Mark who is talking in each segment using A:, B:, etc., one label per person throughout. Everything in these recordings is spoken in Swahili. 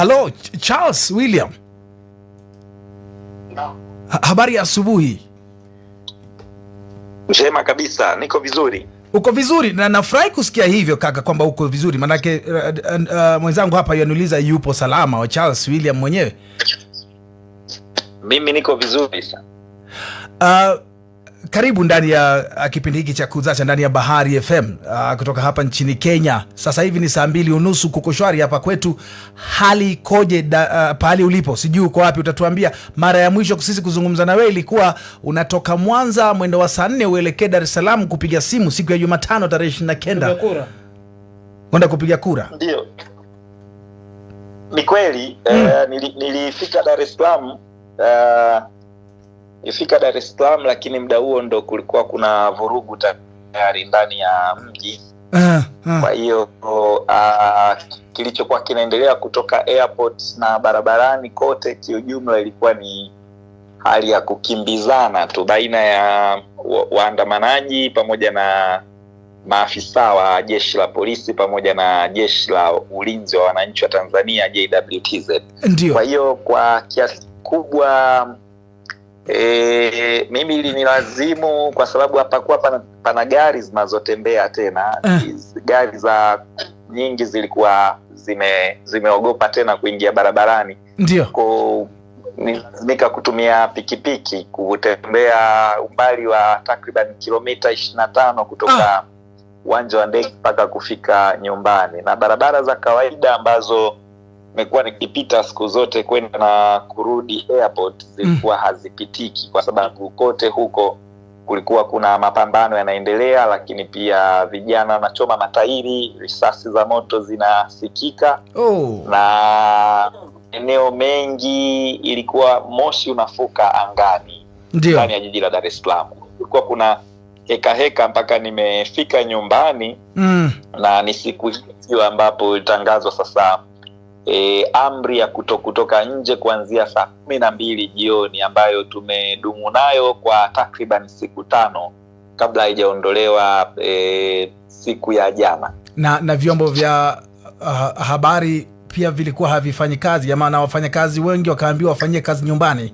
A: Halo Charles William, Ha, Habari ya asubuhi.
B: Njema kabisa, niko vizuri.
A: Uko vizuri na nafurahi kusikia hivyo kaka, kwamba uko vizuri maanake uh, uh, mwenzangu hapa yaniuliza yupo salama wa Charles William mwenyewe.
B: Mimi niko vizuri sana.
A: Uh, karibu ndani ya ah, kipindi hiki cha Kuzacha ndani ya Bahari FM a, ah, kutoka hapa nchini Kenya. Sasa hivi ni saa mbili unusu, kuko shwari hapa kwetu. Hali ikoje ah, pahali ulipo? Sijui uko wapi, utatuambia. Mara ya mwisho sisi kuzungumza na wewe ilikuwa unatoka Mwanza mwendo wa saa nne uelekee dares salam kupiga simu siku ya Jumatano tarehe ishiri na kenda kwenda kupiga kura.
B: Ndio, ni kweli. Eh, mm. Uh, nilifika nili dares salam uh, eh, nilifika Dar es Salaam, lakini muda huo ndo kulikuwa kuna vurugu tayari ndani ya mji. Ah, ah. Kwa hiyo ah, kilichokuwa kinaendelea kutoka airport na barabarani kote kiujumla, ilikuwa ni hali ya kukimbizana tu baina ya waandamanaji pamoja na maafisa wa jeshi la polisi pamoja na jeshi la ulinzi wa wananchi wa Tanzania JWTZ. Ndiyo. Kwa hiyo kwa kiasi kubwa E, mimi lazimu kwa sababu hapakuwa pana, pana gari zinazotembea tena uh. Gari za nyingi zilikuwa zime zimeogopa tena kuingia barabarani, ndio ko nilazimika kutumia pikipiki kutembea umbali wa takriban kilomita ishirini na tano kutoka ah. uwanja uh. wa ndege mpaka kufika nyumbani, na barabara za kawaida ambazo nimekuwa nikipita siku zote kwenda na kurudi airport zilikuwa mm. hazipitiki kwa sababu kote huko kulikuwa kuna mapambano yanaendelea, lakini pia vijana wanachoma matairi, risasi za moto zinasikika oh. na eneo mengi ilikuwa moshi unafuka angani ndani ya jiji la Dar es Salaam. Kulikuwa kuna heka heka mpaka nimefika nyumbani mm. na ni siku hiyo ambapo ilitangazwa sasa e, amri ya kuto kutoka nje kuanzia saa kumi na mbili jioni ambayo tumedumu nayo kwa takriban siku tano kabla haijaondolewa e, siku ya jana,
A: na na vyombo vya uh, habari pia vilikuwa havifanyi kazi, maana wafanyakazi wengi wakaambiwa wafanyie kazi nyumbani.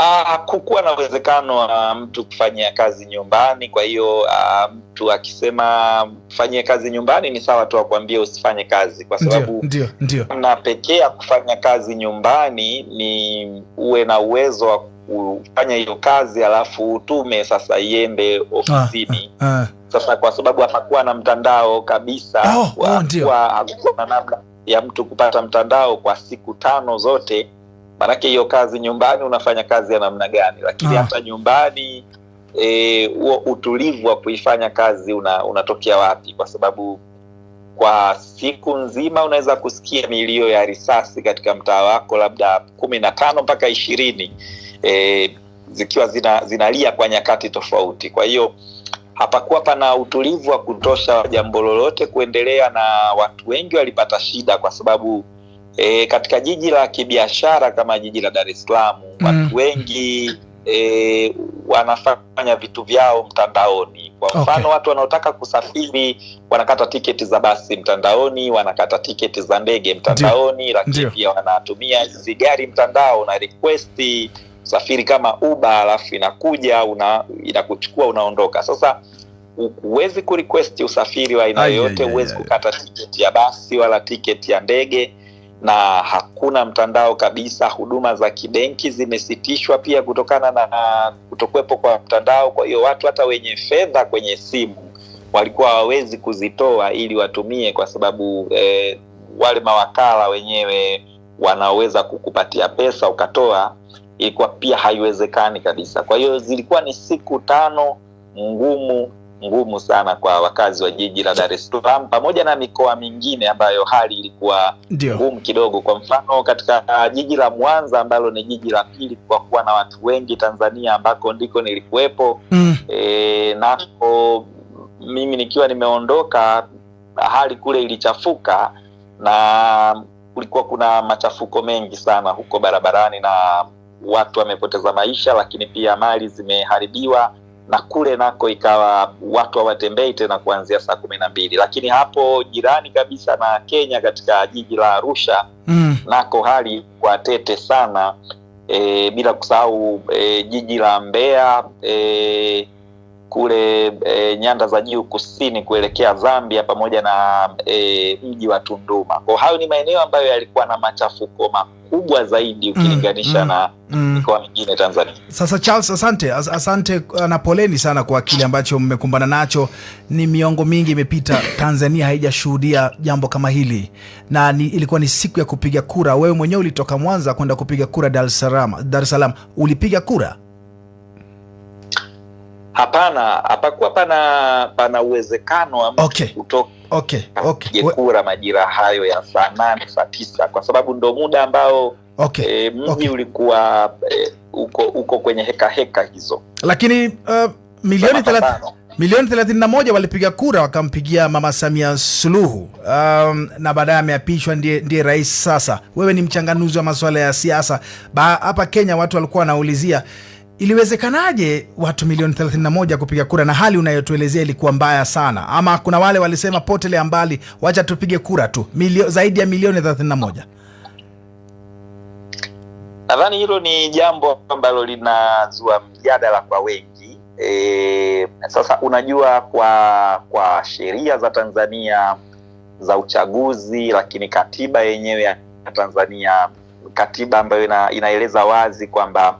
B: Hakukuwa ah, na uwezekano wa mtu kufanyia kazi nyumbani. Kwa hiyo ah, mtu akisema fanyie kazi nyumbani ni sawa tu akwambie usifanye kazi, kwa sababu ndio ndio na pekee ya kufanya kazi nyumbani ni uwe na uwezo wa kufanya hiyo kazi alafu utume sasa iende ofisini. ah, ah, ah. Sasa kwa sababu hapakuwa na mtandao kabisa, hakukuwa oh, oh, na namna ya mtu kupata mtandao kwa siku tano zote maanake hiyo kazi nyumbani unafanya kazi ya namna gani, lakini ah. hata ah, nyumbani e, huo e, utulivu wa kuifanya kazi una, unatokea wapi? Kwa sababu kwa siku nzima unaweza kusikia milio ya risasi katika mtaa wako labda kumi na tano mpaka ishirini e, zikiwa zina, zinalia kwa nyakati tofauti. Kwa hiyo hapakuwa pana utulivu wa kutosha jambo lolote kuendelea, na watu wengi walipata shida kwa sababu e, katika jiji la kibiashara kama jiji la Dar es Salaam mm. watu wengi e, wanafanya vitu vyao mtandaoni. Kwa mfano okay. watu wanaotaka kusafiri wanakata tiketi za basi mtandaoni, wanakata tiketi za ndege mtandaoni, lakini pia wanatumia hizi gari mtandao na requesti safiri kama uba alafu inakuja una, inakuchukua unaondoka. Sasa huwezi kurequest usafiri wa aina yoyote, huwezi kukata tiketi ya basi wala tiketi ya ndege na hakuna mtandao kabisa. Huduma za kibenki zimesitishwa pia kutokana na kutokuwepo kwa mtandao. Kwa hiyo watu hata wenye fedha kwenye simu walikuwa hawawezi kuzitoa ili watumie, kwa sababu eh, wale mawakala wenyewe wanaoweza kukupatia pesa ukatoa ilikuwa pia haiwezekani kabisa. Kwa hiyo zilikuwa ni siku tano ngumu ngumu sana kwa wakazi wa jiji la Dar es Salaam pamoja na mikoa mingine ambayo hali ilikuwa ngumu kidogo. Kwa mfano katika ah, jiji la Mwanza ambalo ni jiji la pili kwa kuwa na watu wengi Tanzania, ambako ndiko nilikuwepo mm. E, nako mimi nikiwa nimeondoka, hali kule ilichafuka na kulikuwa kuna machafuko mengi sana huko barabarani na watu wamepoteza maisha, lakini pia mali zimeharibiwa na kule nako ikawa watu hawatembei tena kuanzia saa kumi na mbili, lakini hapo jirani kabisa na Kenya katika jiji la Arusha mm. nako hali kwa tete sana e, bila kusahau e, jiji la mbea e, kule e, nyanda za juu kusini kuelekea Zambia pamoja na e, mji wa Tunduma. Kwa hayo ni maeneo ambayo yalikuwa na machafuko makubwa zaidi ukilinganisha mm, mm, na mm. mikoa mm, mingine Tanzania.
A: Sasa Charles, asante asante uh, na poleni sana kwa kile ambacho mmekumbana nacho. Ni miongo mingi imepita, Tanzania haijashuhudia jambo kama hili, na ni, ilikuwa ni siku ya kupiga kura. Wewe mwenyewe ulitoka Mwanza kwenda kupiga kura Dar es Salaam. Dar es Salaam ulipiga kura?
B: hapana, hapakuwa pana pana uwezekano wa
A: okay. kutoka okay. okay.
B: kura majira hayo ya saa nane saa tisa kwa sababu ndo muda ambao okay. e, mji okay. ulikuwa e, uko, uko kwenye hekaheka heka hizo,
A: lakini uh, milioni milioni 31 walipiga kura wakampigia Mama Samia Suluhu um, na baadaye ameapishwa ndiye, ndiye rais. Sasa wewe ni mchanganuzi wa masuala ya siasa hapa Kenya, watu walikuwa wanaulizia Iliwezekanaje watu milioni 31 kupiga kura na hali unayotuelezea ilikuwa mbaya sana? Ama kuna wale walisema potelea mbali, wacha tupige kura tu, milio, zaidi ya milioni 31.
B: Nadhani hilo ni jambo ambalo linazua mjadala kwa wengi e. Sasa unajua, kwa kwa sheria za Tanzania za uchaguzi, lakini katiba yenyewe ya Tanzania, katiba ambayo ina, inaeleza wazi kwamba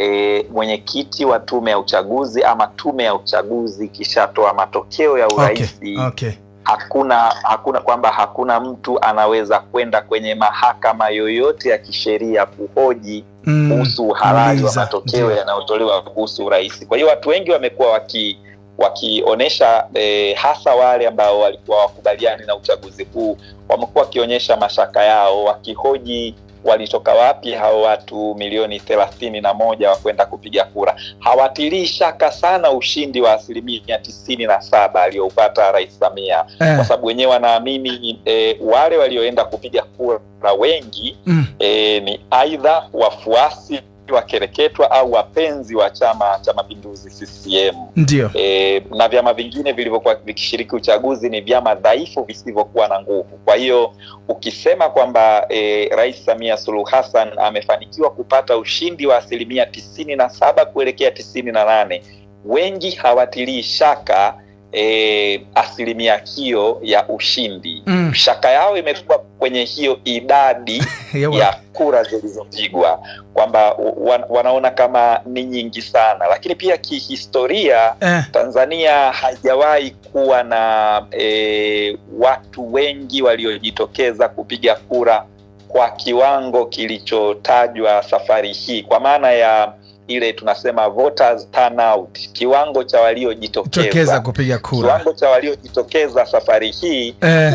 B: e, mwenyekiti wa tume ya uchaguzi ama tume ya uchaguzi ikishatoa matokeo ya urahisi okay, okay. Hakuna, hakuna kwamba hakuna mtu anaweza kwenda kwenye mahakama yoyote ya kisheria kuhoji mm, kuhusu mm, uhalali wa matokeo yanayotolewa kuhusu urahisi Kwa hiyo watu wengi wamekuwa waki wakionyesha e, hasa wale ambao walikuwa wakubaliani na uchaguzi huu wamekuwa wakionyesha mashaka yao wakihoji walitoka wapi hao watu milioni thelathini na moja wa kwenda kupiga kura. Hawatilii shaka sana ushindi wa asilimia tisini na saba aliyoupata Rais Samia eh, kwa sababu wenyewe wanaamini e, wale walioenda kupiga kura wengi mm, e, ni aidha wafuasi wakereketwa au wapenzi wa Chama cha Mapinduzi CCM. Ndio. E, na vyama vingine vilivyokuwa vikishiriki uchaguzi ni vyama dhaifu visivyokuwa na nguvu. Kwa hiyo ukisema kwamba e, Rais Samia Suluhu Hassan amefanikiwa kupata ushindi wa asilimia tisini na saba kuelekea tisini na nane wengi hawatilii shaka e, asilimia hiyo ya ushindi mm. Shaka yao imekuwa kwenye hiyo idadi ya kura zilizopigwa kwamba wan, wanaona kama ni nyingi sana, lakini pia kihistoria eh, Tanzania haijawahi kuwa na e, watu wengi waliojitokeza kupiga kura kwa kiwango kilichotajwa safari hii kwa maana ya ile tunasema voters turnout, kiwango cha waliojitokeza
A: kupiga kura, kiwango
B: cha waliojitokeza safari hii eh.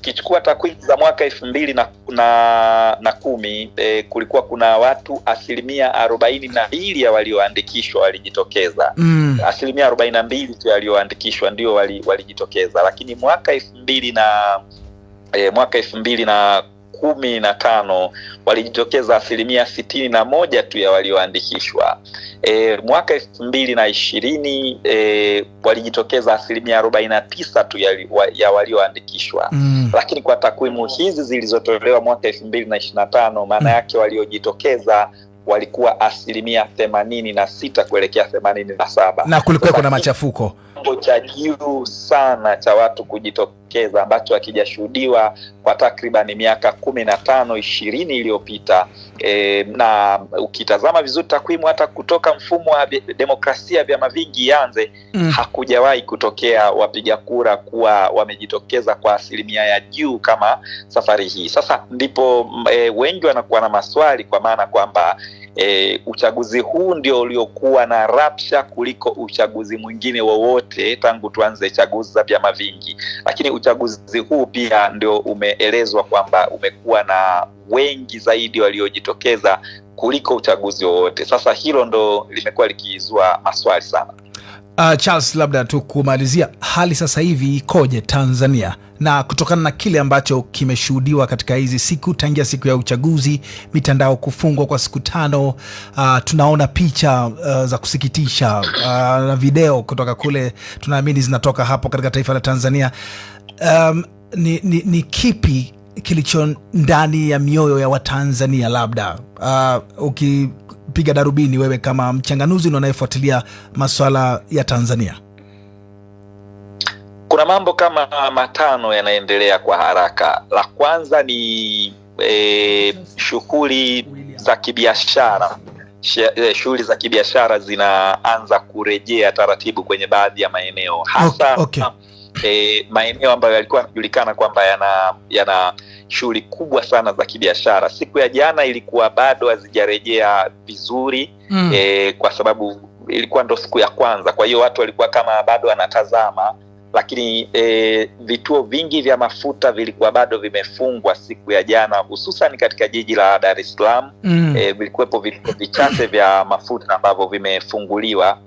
B: Kichukua takwimu za mwaka elfu mbili na, na, na kumi e, kulikuwa kuna watu asilimia arobaini na mbili ya walioandikishwa walijitokeza mm. Asilimia arobaini na mbili tu walioandikishwa ndio walijitokeza, lakini mwaka elfu mbili na e, mwaka elfu mbili na kumi na tano walijitokeza asilimia sitini na moja tu ya walioandikishwa. E, mwaka elfu mbili na ishirini e, walijitokeza asilimia arobaini na tisa tu ya, ya walioandikishwa mm. Lakini kwa takwimu hizi zilizotolewa mwaka elfu mbili na ishirini na tano maana mm. yake waliojitokeza walikuwa asilimia themanini na sita kuelekea themanini na saba
A: na kulikuwa kuna machafuko
B: kiwango cha juu sana cha watu kujitokeza ambacho hakijashuhudiwa kwa takribani miaka kumi na tano ishirini iliyopita. E, na ukitazama vizuri takwimu hata kutoka mfumo wa demokrasia vyama vingi ianze, mm. hakujawahi kutokea wapiga kura kuwa wamejitokeza kwa asilimia ya juu kama safari hii. Sasa ndipo e, wengi wanakuwa na maswali kwa maana kwamba E, uchaguzi huu ndio uliokuwa na rapsha kuliko uchaguzi mwingine wowote tangu tuanze chaguzi za vyama vingi, lakini uchaguzi huu pia ndio umeelezwa kwamba umekuwa na wengi zaidi waliojitokeza kuliko uchaguzi wowote. Sasa hilo ndo limekuwa likizua maswali sana.
A: Uh, Charles, labda tu kumalizia, hali sasa hivi ikoje Tanzania, na kutokana na kile ambacho kimeshuhudiwa katika hizi siku tangia siku ya uchaguzi, mitandao kufungwa kwa siku tano, uh, tunaona picha uh, za kusikitisha na video kutoka kule, tunaamini zinatoka hapo katika taifa la Tanzania. Um, ni, ni, ni kipi kilicho ndani ya mioyo ya Watanzania labda uh, ukipiga darubini wewe kama mchanganuzi na unayefuatilia maswala ya Tanzania?
B: Kuna mambo kama matano yanaendelea kwa haraka. La kwanza ni e, shughuli za kibiashara e, shughuli za kibiashara zinaanza kurejea taratibu kwenye baadhi ya maeneo hasa okay, okay e, maeneo ambayo yalikuwa yanajulikana kwamba yana yana shughuli kubwa sana za kibiashara. Siku ya jana ilikuwa bado hazijarejea vizuri mm. E, kwa sababu ilikuwa ndo siku ya kwanza, kwa hiyo watu walikuwa kama bado wanatazama, lakini e, vituo vingi vya mafuta vilikuwa bado vimefungwa siku ya jana, hususan katika jiji la Dar es Salaam mm. E, vilikuwepo vituo vichache vya mafuta ambavyo vimefunguliwa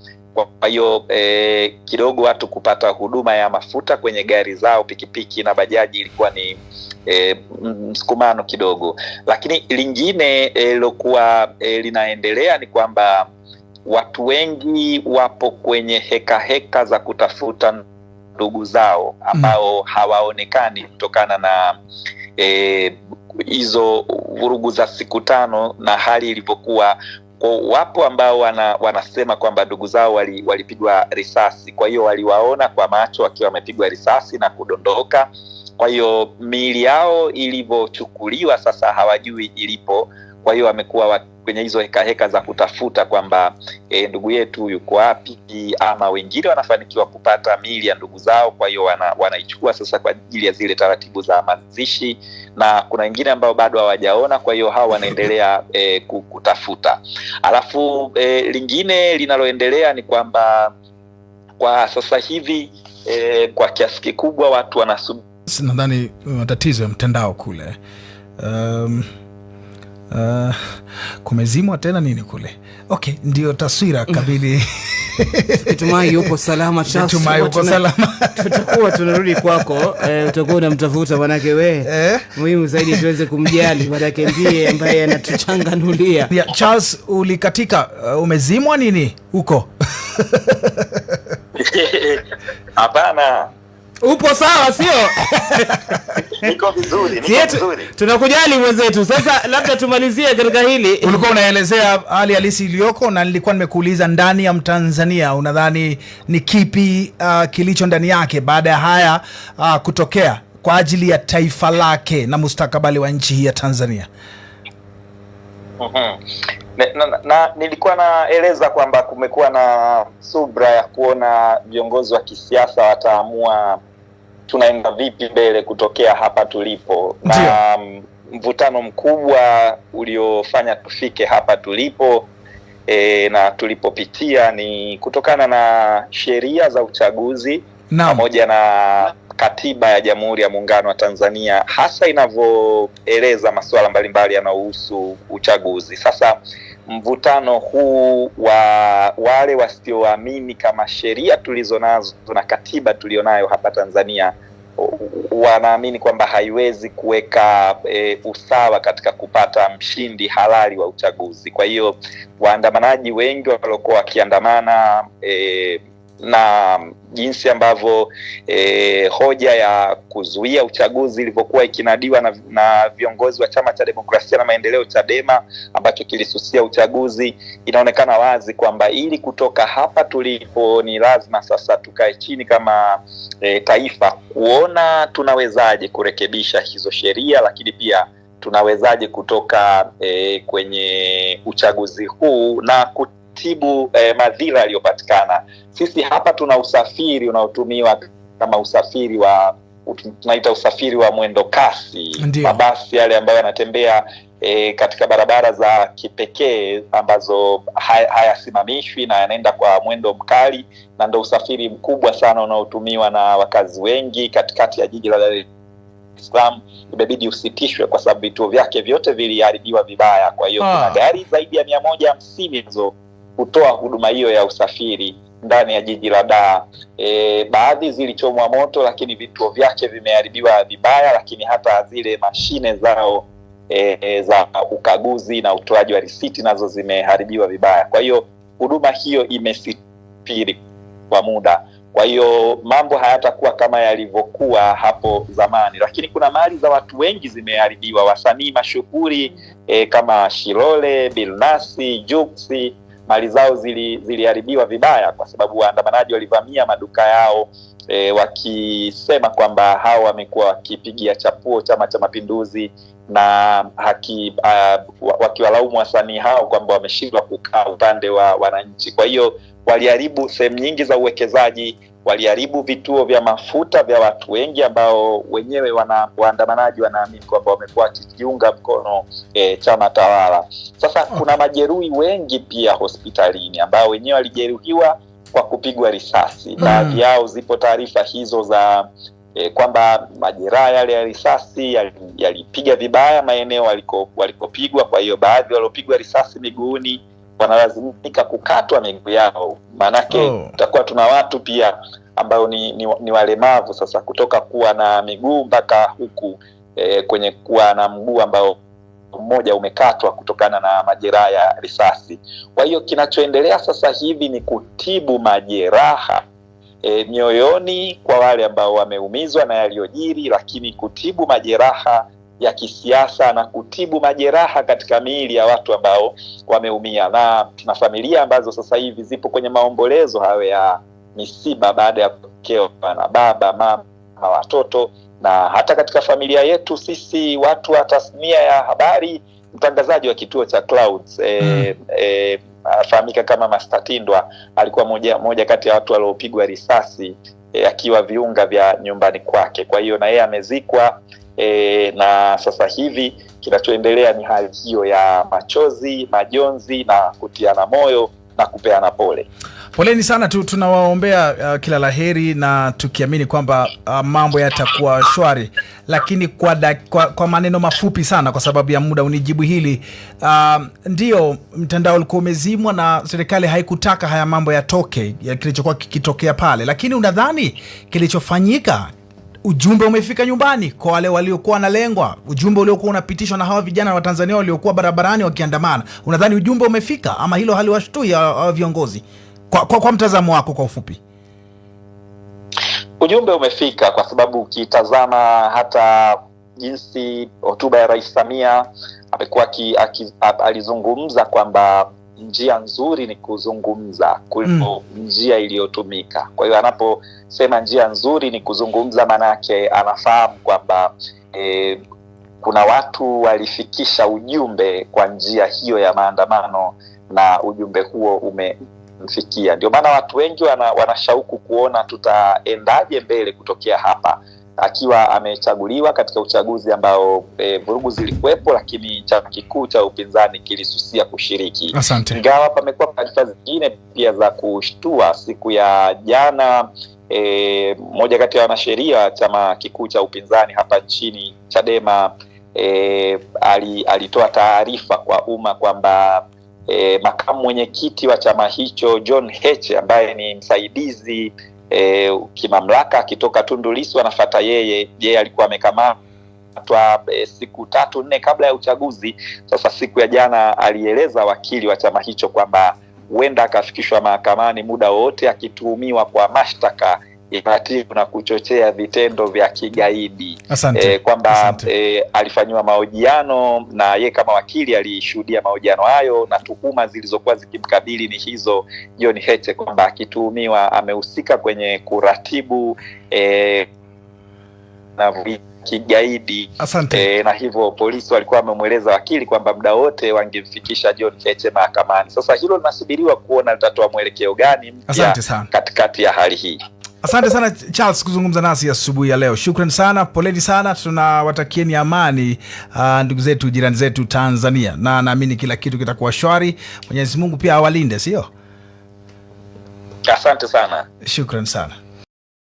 B: kwa hiyo eh, kidogo watu kupata huduma ya mafuta kwenye gari zao, pikipiki na bajaji ilikuwa ni eh, msukumano kidogo. Lakini lingine eh, lilokuwa eh, eh, linaendelea ni kwamba watu wengi wapo kwenye heka heka za kutafuta ndugu zao ambao mm. hawaonekani kutokana na eh, hizo e, vurugu za siku tano na hali ilivyokuwa kwa wapo ambao wana, wanasema kwamba ndugu zao walipigwa wali risasi, kwa hiyo waliwaona kwa macho wakiwa wamepigwa risasi na kudondoka. Kwa hiyo miili yao ilivyochukuliwa sasa hawajui ilipo. Kwa hiyo amekuwa kwenye hizo heka heka za kutafuta kwamba e, ndugu yetu yuko wapi, ama wengine wanafanikiwa kupata miili ya ndugu zao, kwa hiyo wana, wanaichukua sasa kwa ajili ya zile taratibu za mazishi, na kuna wengine ambao bado hawajaona, kwa hiyo hawa wanaendelea e, kutafuta. Alafu e, lingine linaloendelea ni kwamba kwa sasa hivi e, kwa kiasi kikubwa watu wanasubiri,
A: nadhani matatizo ya mtandao kule um... Uh, kumezimwa tena nini kule? Okay, ndio taswira kamili.
B: Natumai yupo salama, tutakuwa tunarudi kwako, eh, utakuwa unamtafuta manake we eh? Muhimu zaidi tuweze kumjali manake ndiye ambaye anatuchanganulia.
A: Yeah, Charles, ulikatika uh, umezimwa nini huko?
B: Hapana.
A: Upo sawa, sio?
B: Niko vizuri, niko vizuri.
A: Tunakujali mwenzetu. Sasa labda tumalizie katika hili. Ulikuwa unaelezea hali halisi iliyoko na nilikuwa nimekuuliza ndani ya Mtanzania unadhani ni kipi uh, kilicho ndani yake baada ya haya uh, kutokea kwa ajili ya taifa lake na mustakabali wa nchi hii ya Tanzania.
B: Mm-hmm. Na, na, na nilikuwa naeleza kwamba kumekuwa na subra ya kuona viongozi wa kisiasa wataamua tunaenda vipi mbele kutokea hapa tulipo na mvutano mkubwa uliofanya tufike hapa tulipo e, na tulipopitia ni kutokana na sheria za uchaguzi pamoja na, na katiba ya Jamhuri ya Muungano wa Tanzania hasa inavyoeleza masuala mbalimbali yanayohusu uchaguzi. Sasa mvutano huu wa wale wasioamini kama sheria tulizo nazo na katiba tulionayo hapa Tanzania wanaamini kwamba haiwezi kuweka e, usawa katika kupata mshindi halali wa uchaguzi. Kwa hiyo waandamanaji wengi waliokuwa wakiandamana e, na jinsi ambavyo e, hoja ya kuzuia uchaguzi ilivyokuwa ikinadiwa na, na viongozi wa Chama cha Demokrasia na Maendeleo Chadema ambacho kilisusia uchaguzi, inaonekana wazi kwamba ili kutoka hapa tulipo ni lazima sasa tukae chini kama e, taifa kuona tunawezaje kurekebisha hizo sheria, lakini pia tunawezaje kutoka e, kwenye uchaguzi huu na kutibu eh, madhila yaliyopatikana. Sisi hapa tuna usafiri unaotumiwa kama usafiri wa tunaita usafiri wa mwendo kasi, mabasi yale ambayo yanatembea E, katika barabara za kipekee ambazo hayasimamishwi haya na yanaenda kwa mwendo mkali, na ndo usafiri mkubwa sana unaotumiwa na wakazi wengi katikati ya jiji la Dar es Salaam, imebidi usitishwe kwa sababu vituo vyake vyote viliharibiwa vibaya. Kwa hiyo kuna ah. gari zaidi ya mia moja hamsini hizo kutoa huduma hiyo ya usafiri ndani ya jiji la Dar. E, baadhi zilichomwa moto, lakini vituo vyake vimeharibiwa vibaya, lakini hata zile mashine zao e, e, za ukaguzi na utoaji wa risiti nazo zimeharibiwa vibaya. Kwa hiyo huduma hiyo imesitiri kwa muda. Kwa hiyo mambo hayatakuwa kama yalivyokuwa hapo zamani, lakini kuna mali za watu wengi zimeharibiwa, wasanii mashuhuri e, kama Shilole, Bilnasi, Juksi mali zao ziliharibiwa zili vibaya, kwa sababu waandamanaji walivamia maduka yao e, wakisema kwamba hao wamekuwa wakipigia chapuo Chama cha Mapinduzi na haki uh, wakiwalaumu wasanii hao kwamba wameshindwa kukaa upande wa wananchi. Kwa hiyo waliharibu sehemu nyingi za uwekezaji waliharibu vituo vya mafuta vya watu wengi ambao wenyewe wana waandamanaji wanaamini kwamba wamekuwa wakijiunga mkono e, chama tawala. Sasa ah. kuna majeruhi wengi pia hospitalini ambao wenyewe walijeruhiwa kwa kupigwa risasi. Hmm. Baadhi mm. yao zipo taarifa hizo za e, kwamba majeraha yale ya risasi yalipiga yali vibaya maeneo waliko walikopigwa, kwa hiyo baadhi waliopigwa risasi miguuni wanalazimika kukatwa miguu yao, maanake oh. tutakuwa tuna watu pia ambao ni, ni, ni walemavu sasa, kutoka kuwa na miguu mpaka huku e, kwenye kuwa na mguu ambao mmoja umekatwa kutokana na majeraha ya risasi. Kwa hiyo kinachoendelea sasa hivi ni kutibu majeraha e, mioyoni kwa wale ambao wameumizwa na yaliyojiri, lakini kutibu majeraha ya kisiasa na kutibu majeraha katika miili ya watu ambao wameumia, na tuna familia ambazo sasa hivi zipo kwenye maombolezo hayo ya misiba baada ya kupokewa na baba mama, watoto na hata katika familia yetu sisi watu wa tasnia ya habari, mtangazaji wa kituo cha Clouds eh, mm. e, eh, afahamika kama Mastatindwa alikuwa moja, moja kati ya watu waliopigwa risasi e, akiwa viunga vya nyumbani kwake. Kwa hiyo na yeye amezikwa e, na sasa hivi kinachoendelea ni hali hiyo ya machozi, majonzi na kutiana moyo na kupeana pole.
A: Poleni sana tu, tunawaombea uh, kila laheri na tukiamini kwamba uh, mambo yatakuwa shwari, lakini kwa, da, kwa, kwa maneno mafupi sana kwa sababu ya muda unijibu hili uh, ndio mtandao ulikuwa umezimwa na serikali haikutaka haya mambo yatoke ya kilichokuwa kikitokea pale, lakini unadhani kilichofanyika Ujumbe umefika nyumbani kwa wale waliokuwa wanalengwa. Ujumbe uliokuwa unapitishwa na hawa vijana wa Tanzania waliokuwa barabarani wakiandamana, unadhani ujumbe umefika ama hilo haliwashtui hawa viongozi? Kwa, kwa, kwa mtazamo wako kwa ufupi.
B: Ujumbe umefika kwa sababu ukitazama hata jinsi hotuba ya Rais Samia amekuwa alizungumza kwamba njia nzuri ni kuzungumza kuliko mm. njia iliyotumika. Kwa hiyo anaposema njia nzuri ni kuzungumza, maana yake anafahamu kwamba e, kuna watu walifikisha ujumbe kwa njia hiyo ya maandamano na ujumbe huo umemfikia. Ndio maana watu wengi wana, wanashauku kuona tutaendaje mbele kutokea hapa, akiwa amechaguliwa katika uchaguzi ambao e, vurugu zilikuwepo, lakini chama kikuu cha upinzani kilisusia kushiriki. Asante. Ingawa pamekuwa taarifa zingine pia za kushtua siku ya jana. E, moja kati ya wanasheria wa chama kikuu cha upinzani hapa nchini Chadema e, alitoa taarifa kwa umma kwamba e, makamu mwenyekiti wa chama hicho John Heche ambaye ni msaidizi e, kimamlaka akitoka Tundu Lissu anafata yeye. Yeye alikuwa amekamatwa e, siku tatu nne kabla ya uchaguzi. Sasa siku ya jana alieleza wakili wa chama hicho kwamba huenda akafikishwa mahakamani muda wowote akituhumiwa kwa mashtaka iratibu na kuchochea vitendo vya kigaidi e, kwamba e, alifanyiwa mahojiano na ye kama wakili alishuhudia mahojiano hayo, na tuhuma zilizokuwa zikimkabili ni hizo, John Heche, kwamba akituhumiwa amehusika kwenye kuratibu e, na kigaidi e, na hivyo polisi walikuwa wamemweleza wakili kwamba muda wote wangemfikisha John Heche mahakamani. Sasa hilo linasubiriwa kuona litatoa mwelekeo gani
A: mpya
B: katikati ya hali hii.
A: Asante sana Charles kuzungumza nasi asubuhi ya, ya leo. shukran sana, poleni sana, tunawatakieni amani uh, ndugu zetu jirani zetu Tanzania, na naamini kila kitu kitakuwa shwari. Mwenyezi Mungu pia awalinde, sio?
B: Asante sana,
A: shukran sana.